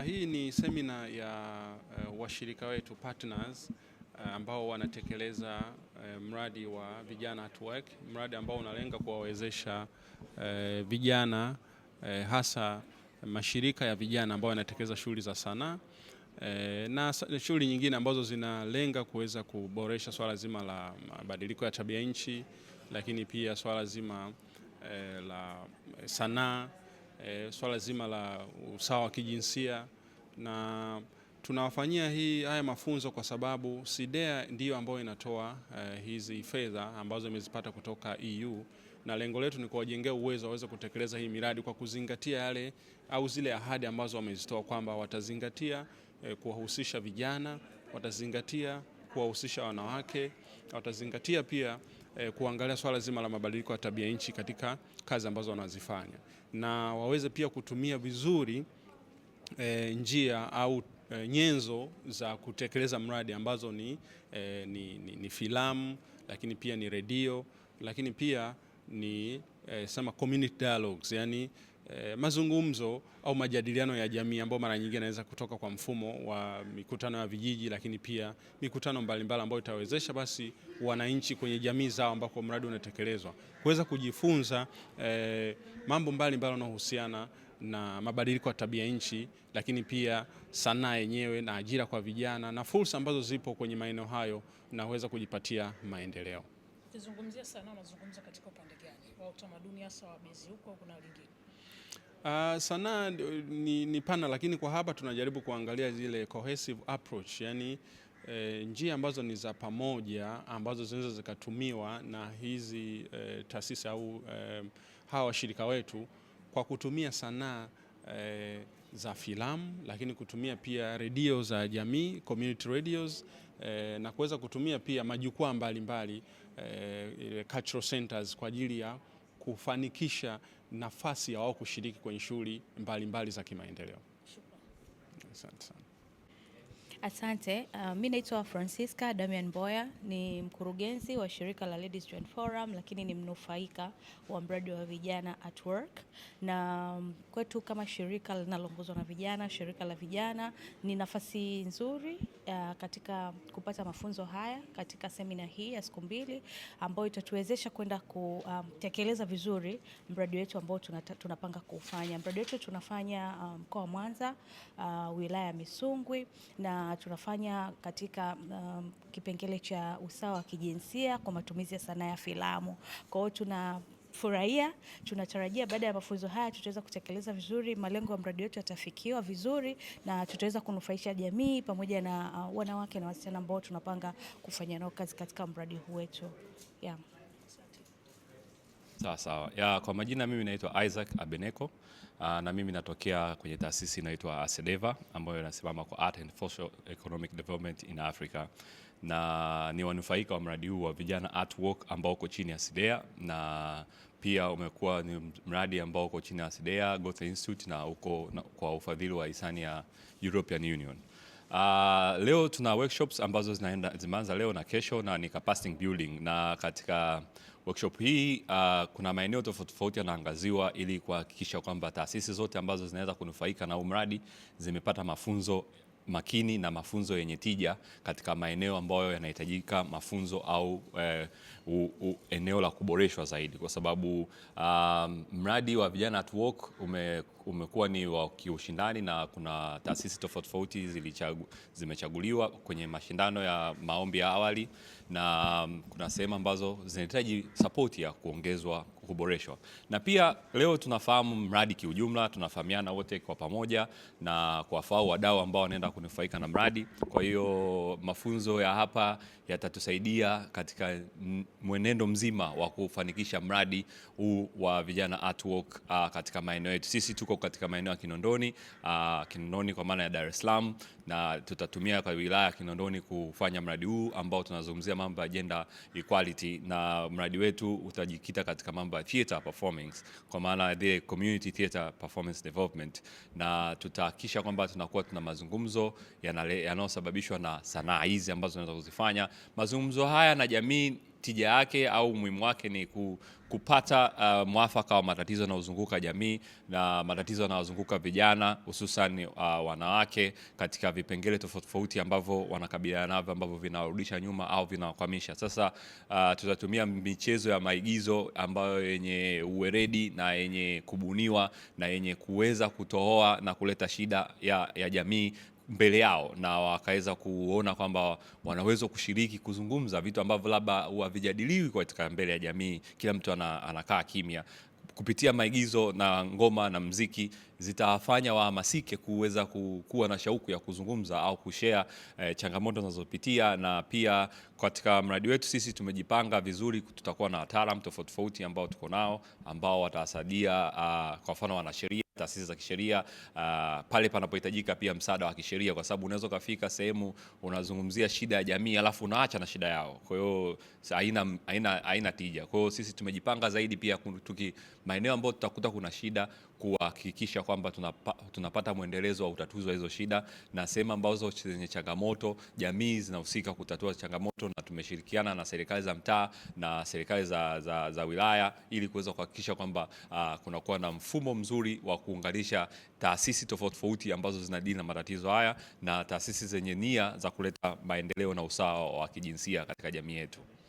hii ni semina ya uh, washirika wetu partners uh, ambao wanatekeleza uh, mradi wa vijana at work, mradi ambao unalenga kuwawezesha uh, vijana uh, hasa mashirika ya vijana ambao yanatekeleza shughuli za sanaa uh, na shughuli nyingine ambazo zinalenga kuweza kuboresha swala zima la mabadiliko ya tabia nchi, lakini pia swala zima uh, la sanaa e, swala zima la usawa wa kijinsia na tunawafanyia hii haya mafunzo kwa sababu SIDEA ndiyo ambayo inatoa uh, hizi fedha ambazo imezipata kutoka EU na lengo letu ni kuwajengea uwezo waweze kutekeleza hii miradi kwa kuzingatia yale au zile ahadi ambazo wamezitoa kwamba watazingatia eh, kuwahusisha vijana, watazingatia kuwahusisha wanawake, watazingatia pia eh, kuangalia swala zima la mabadiliko ya tabia nchi katika kazi ambazo wanazifanya na waweze pia kutumia vizuri eh, njia au eh, nyenzo za kutekeleza mradi ambazo ni, eh, ni, ni, ni filamu lakini pia ni redio lakini pia ni eh, sema community dialogues yani Eh, mazungumzo au majadiliano ya jamii ambayo mara nyingi yanaweza kutoka kwa mfumo wa mikutano ya vijiji, lakini pia mikutano mbalimbali ambayo itawezesha basi wananchi kwenye jamii zao ambako mradi unatekelezwa kuweza kujifunza eh, mambo mbalimbali yanayohusiana na mabadiliko ya tabia nchi, lakini pia sanaa yenyewe na ajira kwa vijana na fursa ambazo zipo kwenye maeneo hayo na uweza kujipatia maendeleo. Ukizungumzia sanaa unazungumza katika upande gani wa utamaduni hasa wa bezi huko kuna lingine? Uh, sanaa ni, ni pana lakini kwa hapa tunajaribu kuangalia zile cohesive approach, yani e, njia ambazo ni za pamoja ambazo zinaweza zikatumiwa na hizi e, taasisi au e, hawa washirika wetu kwa kutumia sanaa e, za filamu lakini kutumia pia redio za jamii community radios e, na kuweza kutumia pia majukwaa mbalimbali e, cultural centers kwa ajili ya kufanikisha nafasi ya wao kushiriki kwenye shughuli mbalimbali za kimaendeleo. Asante sana. Asante. Uh, mi naitwa Francisca Damian Boya, ni mkurugenzi wa shirika la Ladies Joint Forum, lakini ni mnufaika wa mradi wa vijana at work, na um, kwetu kama shirika linaloongozwa na vijana, shirika la vijana, ni nafasi nzuri uh, katika kupata mafunzo haya katika semina hii ya siku mbili ambayo itatuwezesha kwenda kutekeleza um, vizuri mradi wetu ambao tunapanga kuufanya. Mradi wetu tunafanya um, mkoa um, wa Mwanza, uh, wilaya ya Misungwi na tunafanya katika um, kipengele cha usawa wa kijinsia kwa matumizi ya sanaa ya filamu. Kwa hiyo tuna furahia tunatarajia baada ya mafunzo haya tutaweza kutekeleza vizuri malengo ya mradi wetu yatafikiwa vizuri, na tutaweza kunufaisha jamii pamoja na uh, wanawake na wasichana ambao tunapanga kufanya nao kazi katika mradi huu wetu yeah. Sawa sawa. Ya, kwa majina mimi naitwa Isaac Abeneko ah, na mimi natokea kwenye taasisi inaitwa ASEDEVA ambayo inasimama kwa Art and Social Economic Development in Africa na ni wanufaika wa mradi huu wa vijana Artwork ambao uko chini ya Sidea na pia umekuwa ni mradi ambao uko chini ya Sidea Goethe Institute na uko na, kwa ufadhili wa hisani ya European Union. Uh, leo tuna workshops ambazo zinaenda zimeanza leo na kesho na ni capacity building, na katika workshop hii uh, kuna maeneo tofauti tofauti yanaangaziwa ili kuhakikisha kwamba taasisi zote ambazo zinaweza kunufaika na umradi mradi zimepata mafunzo makini na mafunzo yenye tija katika maeneo ambayo yanahitajika mafunzo au eh, u, u, eneo la kuboreshwa zaidi, kwa sababu um, mradi wa vijana at work ume, umekuwa ni wa kiushindani na kuna taasisi tofauti tofauti zimechaguliwa kwenye mashindano ya maombi ya awali na um, kuna sehemu ambazo zinahitaji sapoti ya kuongezwa kuboreshwa. Na pia leo tunafahamu mradi kiujumla, tunafahamiana wote kwa pamoja na kuwafahamu wadau ambao wanaenda kunufaika na mradi. Kwa hiyo mafunzo ya hapa yatatusaidia katika mwenendo mzima wa kufanikisha mradi huu wa vijana artwork uh, katika maeneo yetu. Sisi tuko katika maeneo ya Kinondoni uh, Kinondoni kwa maana ya Dar es Salaam na tutatumia kwa wilaya ya Kinondoni kufanya mradi huu ambao tunazungumzia mambo ya gender equality na mradi wetu utajikita katika mambo kwa uh, theater performance, kwa maana the community theater performance development, na tutahakikisha kwamba tunakuwa tuna mazungumzo yanayosababishwa na sanaa hizi ambazo tunaweza kuzifanya. Mazungumzo haya na jamii tija yake au umuhimu wake ni kupata uh, mwafaka wa matatizo yanayozunguka jamii na matatizo yanayozunguka vijana hususan uh, wanawake katika vipengele tofauti tofauti ambavyo wanakabiliana navyo ambavyo vinawarudisha nyuma au vinawakwamisha. Sasa uh, tutatumia michezo ya maigizo ambayo yenye uweredi na yenye kubuniwa na yenye kuweza kutohoa na kuleta shida ya, ya jamii mbele yao na wakaweza kuona kwamba wanaweza kushiriki kuzungumza vitu ambavyo labda havijadiliwi katika mbele ya jamii. Kila mtu anakaa kimya kupitia maigizo na ngoma na mziki zitawafanya wahamasike kuweza kuwa na shauku ya kuzungumza au kushea eh, changamoto zinazopitia. Na pia katika mradi wetu sisi tumejipanga vizuri, tutakuwa na wataalam tofauti tofauti ambao tuko nao ambao watasaidia, uh, ah, kwa mfano wanasheria taasisi za kisheria uh, pale panapohitajika pia msaada wa kisheria, kwa sababu unaweza ukafika sehemu unazungumzia shida ya jamii alafu unaacha na shida yao, kwa hiyo haina haina haina tija. Kwa hiyo sisi tumejipanga zaidi pia tuki maeneo ambayo tutakuta kuna shida kuhakikisha kwamba tunapa, tunapata mwendelezo wa utatuzi wa hizo shida na sehemu ambazo zenye changamoto, jamii zinahusika kutatua changamoto, na tumeshirikiana na serikali za mtaa na serikali za, za, za wilaya ili kuweza kuhakikisha kwamba uh, kunakuwa na mfumo mzuri wa kuunganisha taasisi tofauti tofauti ambazo zinadili na matatizo haya na taasisi zenye nia za kuleta maendeleo na usawa wa kijinsia katika jamii yetu.